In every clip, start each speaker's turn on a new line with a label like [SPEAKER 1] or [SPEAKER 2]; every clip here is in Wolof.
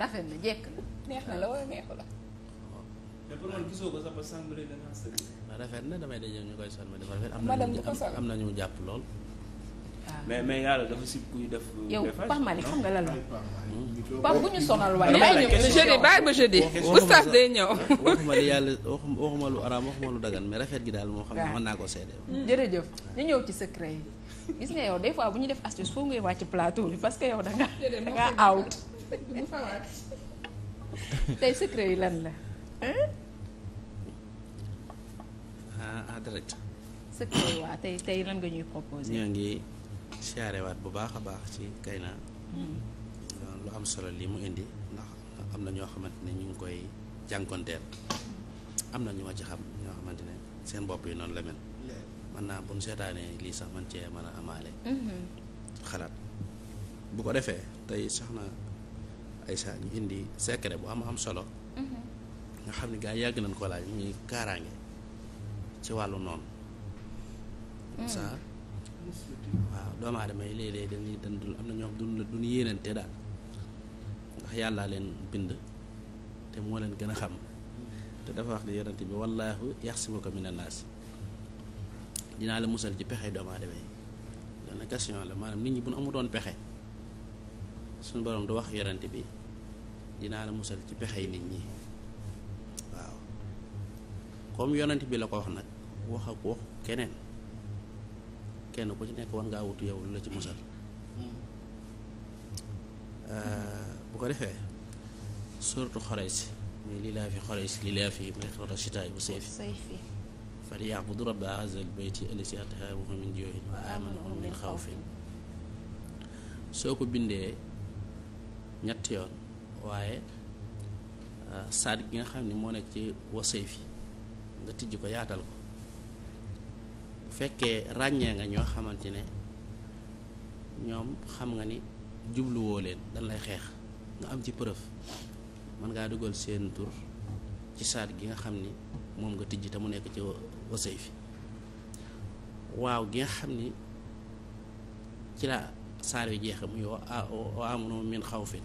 [SPEAKER 1] rafet na jekk na. neex na la wala neexu la.
[SPEAKER 2] da ngaa rafet na damay daje ñu koy sol ma dafa rafet. am na ñu jàpp lool. Ah. mais mais yàlla euh, xam nga lan hmm? la. Pape bu ñu sonal waaye. bàyyi ñu jeudi bàyyi ba jeudi. ñëw. waxuma li yàlla waxuma lu araam waxuma lu dagan mais rafet gi daal moo xam ne mën naa ko seede.
[SPEAKER 1] Hmm. jërëjëf ñu ñëw ci secret yi gis nga yow des bu ñu def astuce foo ngay wàcc plateau bi parce que yow da nga out. tey secret yi lan la.
[SPEAKER 2] ah en ah, direct.
[SPEAKER 1] secret yi waa ah, tey tey lan nga ñuy proposé. ñoo
[SPEAKER 2] ngi siyaarewaat bu baax a baax ci Kayna. Mm. lu am solo lii mu indi ndax am na ñoo xamante ne ñu ngi koy jànkonteel mm. am na ñu ma ci xam ñoo xamante ne seen bopp yi noonu la mel. man naa bu ñu seetaanee lii sax man cee mën a amaale. Mm-hmm. xalaat bu ko defee tey soxna. Aïcha ñu indi secret bu am am solo. Mm-hmm. nga xam ne gars yàgg nañ ko laaj ñuy kaaraange ci wàllu noonu. ça mm. waaw doomu aadama yi léeg-léeg dañuy dañ am na ñoo xam du ñu yéenante daal ndax yàllaa leen bind te moo leen gën a xam te dafa wax ne yonent bi wallaahu yaxsimuka mina naas dinaa la musal ci pexe doomu aadama yi loolu question la maanaam nit ñi bu ñu doon pexe. suñu borom du wax yonent bi dinaa la musal ci pexey nit ñi waaw comme yonent bi la ko wax nag wax ak wax keneen kenn ku ci nekk war ngaa wutu yow lu la ci musal euh, bu ko defee surtout xorey si fi xorey si lii bu sayfi falya'budu rabba haazal bayti allazi at'amahum min juu'in wa soo ko bindee ñetti yoon waaye saad gi nga xam ni moo nekk ci wasay fi nga tijj ko yaatal ko bu fekkee ràññee nga ñoo xamante ne ñoom xam nga ni jubluwoo leen dañ lay xeex nga am ci përëf mën ngaa dugal seen tur ci saad gi nga xam ni moom nga tijj te mu nekk ci wasay fi waaw gi nga xam ni ci la saar yu jeexe muy wa amunu xaw xawfin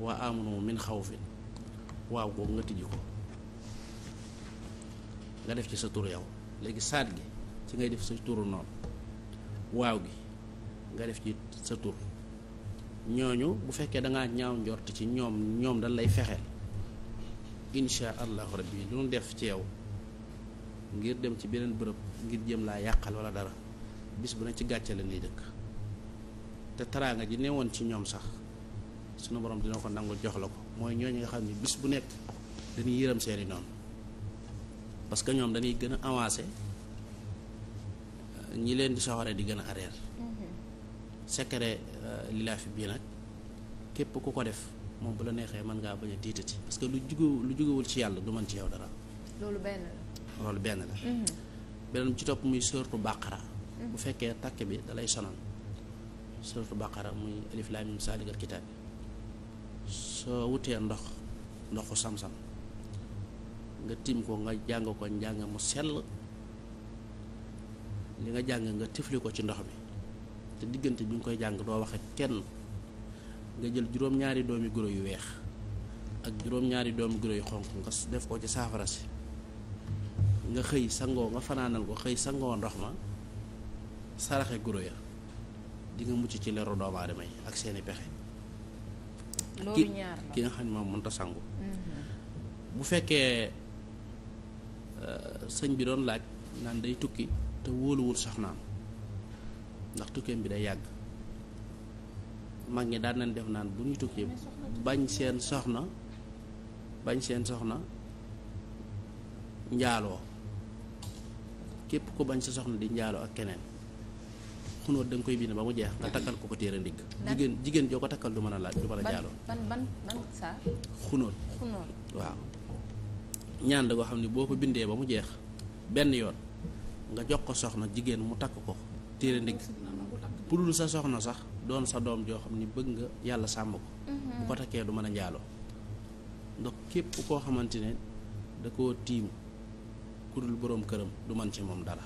[SPEAKER 2] waa wa amanu min xawfin waaw googu nga tijji ko nga def ci sa tur yow léegi saat gi ci ngay def sa turu noonu waaw gi nga def ci sa tur ñooñu bu fekkee dangaa ñaaw njort ci ñoom ñoom dañ lay fexeel insha allahu rabbi lu nu def ci yow ngir dem ci beneen bërëb ngir jëm laa yàqal wala dara bis bu na ci gàcce la ñuy dëkk te taraanga ji woon ci ñoom sax sunu borom dina ko nangul jox la ko mooy ñooñu nga xam ne bis bu nekk dañuy yërëm seeni noonu parce que ñoom dañuy gën a avancé euh, ñi leen di soxore di gën a arrière mm-hmm. secret euh, li laa bii nag képp ku ko def moom bu la neexee mën ngaa bañ a tiitati parce que lu jugu lu jugewul ci yàlla du mën ci yow dara loolu benn la mm-hmm. beneen ci topp muy sóortu bàqara mm-hmm. bu fekkee takk bi dalay sonal sóortu bàqara muy alif laam miim saalikal kitaab soo wutee ndox ndoxu samsam nga tiim ko nga jàng ko njàng mu sell li nga jàng nga tifli ko ci ndox mi te diggante bi nga koy jàng doo wax ak kenn nga jël juróom-ñaari doomi guro yu weex ak juróom-ñaari doomi guro yu xonq nga def ko ci saafara si nga xëy sangoo nga fanaanal ko xëy sangoo ndox ma saraxe guro ya di mucc ci leru doomu aadama ak seeni pexe
[SPEAKER 1] loolu ñaar ki nga
[SPEAKER 2] xam moom mënut a sangu. Mm-hmm. bu fekkee euh, sëñ bi doon laaj naan day tukki te wóoluwul soxnaam ndax tukkeem bi day yàgg mag ñi daan nañ def naan bu ñuy tukki bañ seen soxna bañ seen soxna njaaloo képp ku bañ sa soxna di njaaloo ak keneen. xunóot da nga koy bind ba mu jeex nga takkal ko ko téere ndigg jigéen jigéen joo ko takkal du mën a laaj du mën a jaaloo xunóot waaw ñaan la goo xam ne boo ko bindee ba mu jeex benn yoon nga jox ko soxna jigéen mu takk ko téere ndigg pour sa soxna sax doon sa doom joo xam ni bëgg nga yàlla sàmm ko mm-hmm. bu ko takkee du mën a njaaloo ndox képp koo xamante ne da koo tiim ku boroom këram du man ci moom dara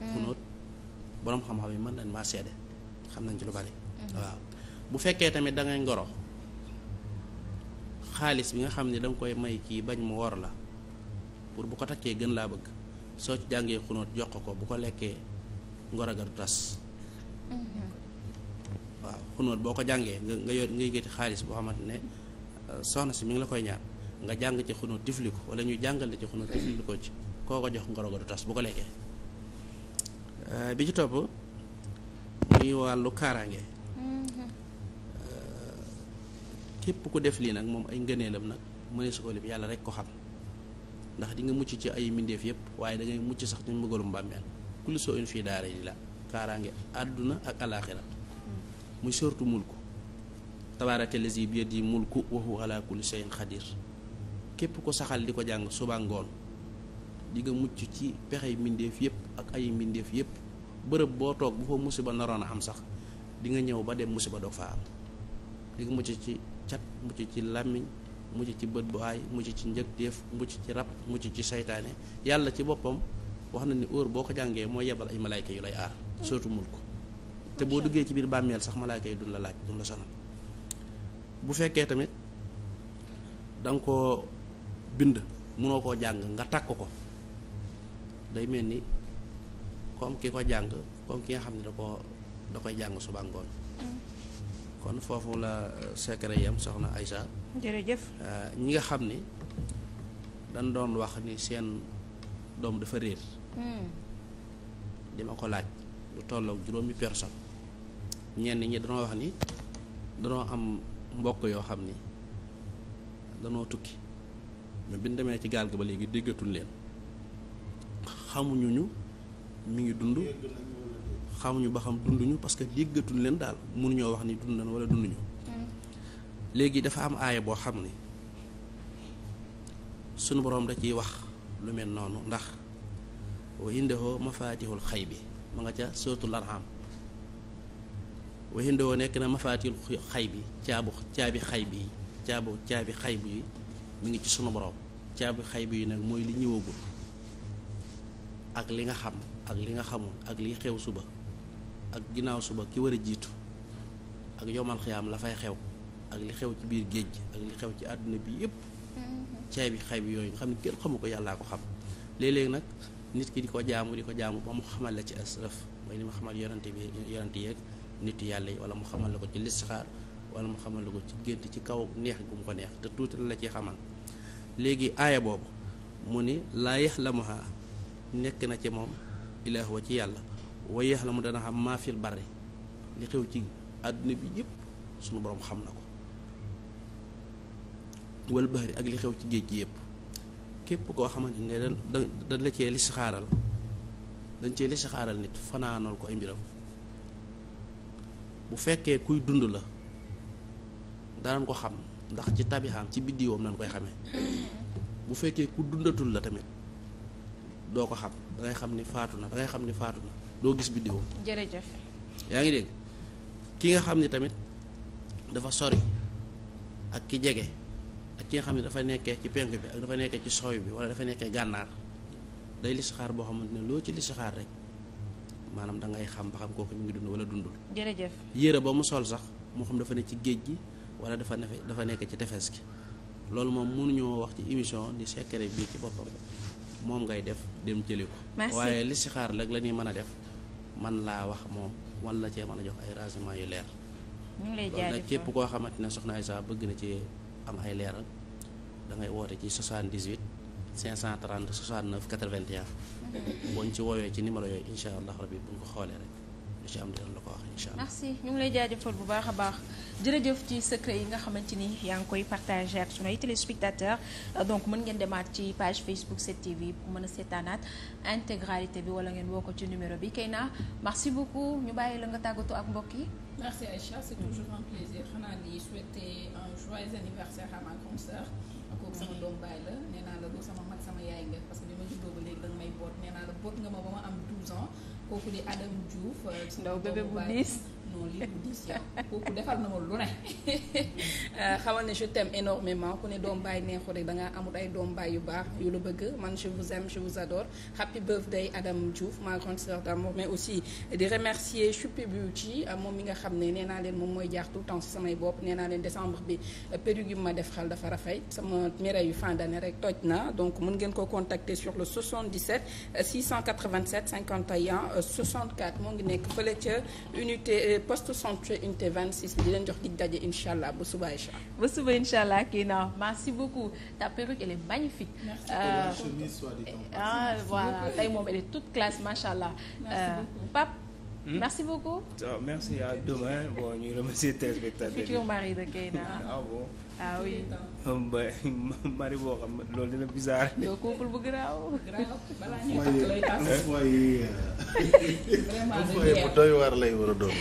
[SPEAKER 2] mm. xunóot borom xam-xam yi mën nañ maa seede xam nañ ci lu bari. Mm-hmm. waaw bu fekkee tamit dangay ngay ngoro xaalis bi nga xam ne danga koy may kii bañ mu wor la pour bu ko takkee gën laa bëgg soo ci jàngee xunóot jox ko bu ko lekkee ngoro ga du tas. Mm-hmm. waaw xunóot boo ko jàngee nga nga yor nga yëgati xaalis boo xamante ne euh, soxna si mu ngi la koy ñaar nga jàng ci xunóot tifli ko wala ñu jàngal la ci xunóot tifli ko ci koo ko jox ngoro ga du tas bu ko lekkee. Euh, bi ci topp muy wàllu kaaraange euh, képp ku def lii nag moom ay ngëneelam nag mënee su ko lim yàlla rek ko xam ndax di nga mucc ci ay mbindeef yëpp waaye dangay mucc sax ci mbëggalum bàmmeel kulli soo in daara yi la kaaraange àdduna ak alaaxira muy sortu mulku tabaaraka lazi bi yadihi mulku wa huwa ala kulli shay'in xadir képp ko saxal di ko jàng suba ngoon di mucc ci pexey mbindeef yëpp ak ay mbindeef yëpp bërëb boo toog bu fa musiba naroon a am sax di nga ñëw ba dem musiba doog faa am di mucc ci cat mucc ci làmmiñ mucc ci bët bu ay mucc ci njëgteef mucc ci rab mucc ci seytaane yàlla ci boppam wax na ni óor boo ko jàngee mooy yebal ay malaayka yu lay aar surtout mul ko te boo duggee ci biir bàmmeel sax malaayka yi duñ la laaj duñ la bu fekkee tamit danga nga koo bind mënoo koo jàng nga tàkk ko day mel ni comme ki ko jàng comme ki nga xam ne da koo da jàng suba ngoon
[SPEAKER 1] mm.
[SPEAKER 2] kon foofu la euh, secret yam soxna Aïcha jërëjëf euh, ñi nga xam ni dañ doon wax ni seen doom dafa réer mm. dima ko laaj lu tollook juróomi personne ñenn ñi danoo wax ni danoo am mbokk yoo xam ni danoo tukki mais bi demee ci gaal gi ba léegi déggatul leen xamuñu ñu mu ngi dund xamuñu ba xam dunduñu parce que déggatuñ leen daal mënuñoo wax ni dund nañ wala dunduñu hmm. léegi dafa am aaya boo xam ni sunu boroom da ciy wax lu mel noonu ndax wa indahoo mafaatihul xay bi ma nga ca suratul an'am wa indahoo nekk na mafaatihul xay bi caabu caabi xay bi caabu caabi xay bi mu ngi ci sunu boroom caabi xay bi nag mooy li ñëwagul ak li nga xam ak li nga xamul ak li xew suba ak ginnaaw suba ki war a jiitu ak yomal xiyaam la fay xew ak li xew ci biir géej gi ak li xew ci àdduna bi yëpp mm-hmm. ceeb bi xay yooyu nga xam ne kenn xamu ko yàllaa ko xam léeg-léeg nag nit ki di ko jaamu di ko jaamu ba mu xamal la ci asraf mooy li ma xamal yonante bi yonante yeeg nit yàlla yi wala mu xamal la ko ci listixaar wala mu xamal la ko ci gént ci kaw neex gu mu ko neex te tuuti la la ci xamal léegi aaya boobu mu ni laa nekk na ci moom ilaah wa ci yàlla wa yaxlamu dana xam maa fil barri li xew ci àdduna bi yëpp sunu boroom xam na ko wal ak li xew ci géej gi yëpp képp koo xamante ne dañ dañ cee listixaaral dañ cee listixaaral nit fanaanal ko ay bu fekkee kuy dund la danañ ko xam ndax ci tabixaam ci biddiwoom nañ koy xamee bu fekkee ku dundatul la tamit doo ko xam da xam ni faatu na da xam ni faatu doo gis biddiwam. jërëjëf. yaa ngi dégg ki nga xam ni tamit dafa sori ak ki jege ak ki nga xam ne dafa nekkee ci penk bi ak dafa nekkee ci sooy bi wala dafa nekkee gànnaar day listixaar boo xamante ne loo ci listixaar rek maanaam da ngay xam ba xam kooku mu ngi dund wala dund jërëjëf yére ba mu sol sax moo xam dafa ne ci géej gi wala dafa ne dafa nekk ci tefes gi loolu moom mënuñoo wax ci émission ni secret bii ci boppam. moom ngay def dem jëli ko waaye listixaar lag la ñuy mën a def man laa wax moom wan la cee mën a jox ay renseignement yu leer
[SPEAKER 1] loolu nag képp koo
[SPEAKER 2] xamante ne soxna Aïssa bëgg na ci am ay leeral da ngay woote ci 78 530 69 81 boo ñu ci woowee ci numéro yooyu incha allah rabbi bu ñu ko xoolee rek ku ci
[SPEAKER 1] merci ñu ngi lay jaajëfal bu baax a baax jërëjëf ci secret yi nga xamante ni yaa ngi koy partagé ak sunuy téléspectateurs donc mën ngeen demaat ci page Facebook 7TV pour mën a seetaanaat intégralité bi wala ngeen woo ko ci numéro bi Keyna merci beaucoup ñu bàyyi la nga tàggatoo ak mbokk yi. merci Aïcha c'est toujours un plaisir xanaa di souhaiter un joyeux anniversaire à ma grande sœur kooku sama doom baay la nee naa la bu sama mag sama yaay nga parce que bi ma nga ma ba am 12 kooku di Adam Diouf. Euh, ndaw bébé bu diis non lii bu na ma lu ne euh, xamal ne je énormément ku ne doom baay neexu rek da amul ay doom baay yu baax yu la bëgg man je vous aime je vous adore happy birthday Adam Diouf ma grande sœur mais aussi di remercier Chupi Beauty euh, moom mi nga xam ne nee naa leen moom mooy jaax tout le temps si samay bopp nee naa leen décembre bi euh, perruque yu ma def xal dafa rafay sama mire yu fin d'année rek toj na donc mun ngeen ko contacter sur le 77 687 51 64 moo ngi nekk fële ca unité poste centre unité 26 bi di leen jox dig daje incha allah ba suba incha allah. ba suba incha allah Kina merci beaucoup ta perruque magnifique. Euh, ah, voilà tey moom elle est classe macha allah. merci euh, beaucoup
[SPEAKER 2] hmm? ah, merci à demain bon ñu remercier téléspectateurs yi. futur mari
[SPEAKER 1] de ah,
[SPEAKER 2] bon. mari boo xam loolu dina bizarre. doo
[SPEAKER 1] couple bu garaaw. balaa ñuy takk lay tas.
[SPEAKER 2] vraiment bu
[SPEAKER 1] doy lay war a doon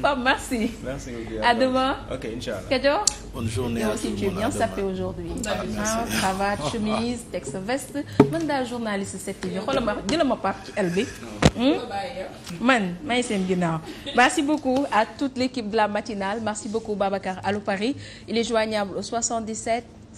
[SPEAKER 1] Pape merci. merci beaucoup à demain. ok inchallah. Kajo.
[SPEAKER 2] bonne journée à tout le monde. tu es bien sapé aujourd'hui. ah merci ah, cravate chemise
[SPEAKER 1] teg sa veste. man daal journaliste su set yi xoolal ma jëla ma ci el bi. Hmm? man may seen ginnaaw. merci beaucoup à toute l'équipe de la matinale merci beaucoup Babacar Allo Paris il est joignable au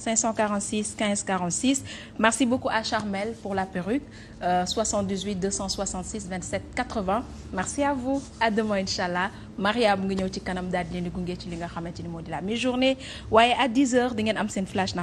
[SPEAKER 1] 546 15 46 merci beaucoup à Charmel pour la perruque euh, 78 266 27 80 merci à vous à demain incha allah Maria mu ngi ñëw ci kanam daal di leen di gunge li nga xamante ni moo di la mi journée waaye à 10 heures di ngeen am seen flash